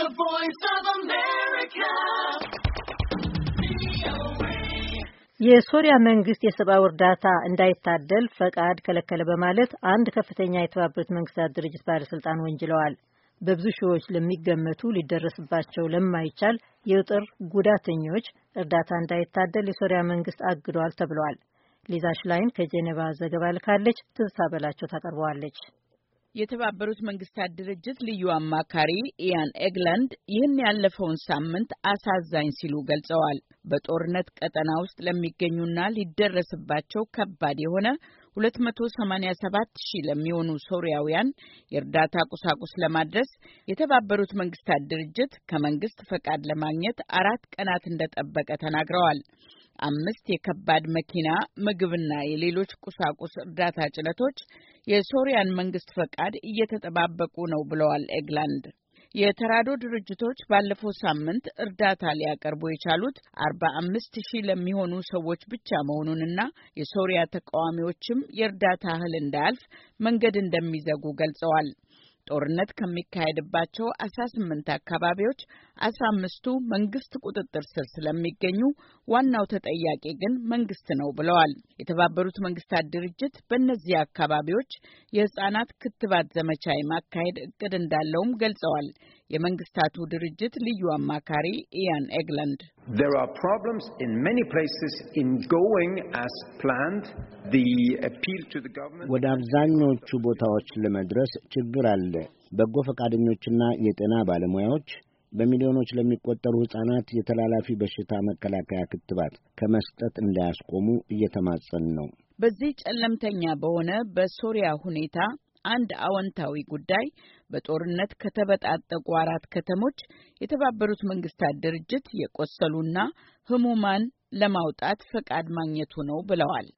The Voice of America. የሶሪያ መንግስት የሰብአዊ እርዳታ እንዳይታደል ፈቃድ ከለከለ በማለት አንድ ከፍተኛ የተባበሩት መንግስታት ድርጅት ባለስልጣን ወንጅለዋል። በብዙ ሺዎች ለሚገመቱ ሊደረስባቸው ለማይቻል የውጥር ጉዳተኞች እርዳታ እንዳይታደል የሶሪያ መንግስት አግዷል ተብሏል። ሊዛ ሽላይን ከጄኔቫ ዘገባ ልካለች። ትዝታ በላቸው ታቀርበዋለች። የተባበሩት መንግስታት ድርጅት ልዩ አማካሪ ኢያን ኤግላንድ ይህን ያለፈውን ሳምንት አሳዛኝ ሲሉ ገልጸዋል። በጦርነት ቀጠና ውስጥ ለሚገኙና ሊደረስባቸው ከባድ የሆነ 287 ሺህ ለሚሆኑ ሶሪያውያን የእርዳታ ቁሳቁስ ለማድረስ የተባበሩት መንግስታት ድርጅት ከመንግስት ፈቃድ ለማግኘት አራት ቀናት እንደጠበቀ ተናግረዋል። አምስት የከባድ መኪና ምግብና የሌሎች ቁሳቁስ እርዳታ ጭነቶች የሶሪያን መንግስት ፈቃድ እየተጠባበቁ ነው ብለዋል ኤግላንድ። የተራዶ ድርጅቶች ባለፈው ሳምንት እርዳታ ሊያቀርቡ የቻሉት አርባ አምስት ሺህ ለሚሆኑ ሰዎች ብቻ መሆኑንና የሶሪያ ተቃዋሚዎችም የእርዳታ እህል እንዳያልፍ መንገድ እንደሚዘጉ ገልጸዋል። ጦርነት ከሚካሄድባቸው አስራ ስምንት አካባቢዎች አስራ አምስቱ መንግስት ቁጥጥር ስር ስለሚገኙ ዋናው ተጠያቂ ግን መንግስት ነው ብለዋል። የተባበሩት መንግስታት ድርጅት በእነዚህ አካባቢዎች የህጻናት ክትባት ዘመቻ የማካሄድ እቅድ እንዳለውም ገልጸዋል። የመንግስታቱ ድርጅት ልዩ አማካሪ ኢያን ኤግላንድ ወደ አብዛኞቹ ቦታዎች ለመድረስ ችግር አለ። በጎ ፈቃደኞችና የጤና ባለሙያዎች በሚሊዮኖች ለሚቆጠሩ ሕፃናት የተላላፊ በሽታ መከላከያ ክትባት ከመስጠት እንዳያስቆሙ እየተማጸን ነው። በዚህ ጨለምተኛ በሆነ በሶሪያ ሁኔታ አንድ አዎንታዊ ጉዳይ በጦርነት ከተበጣጠቁ አራት ከተሞች የተባበሩት መንግስታት ድርጅት የቆሰሉና ህሙማን ለማውጣት ፈቃድ ማግኘቱ ነው ብለዋል።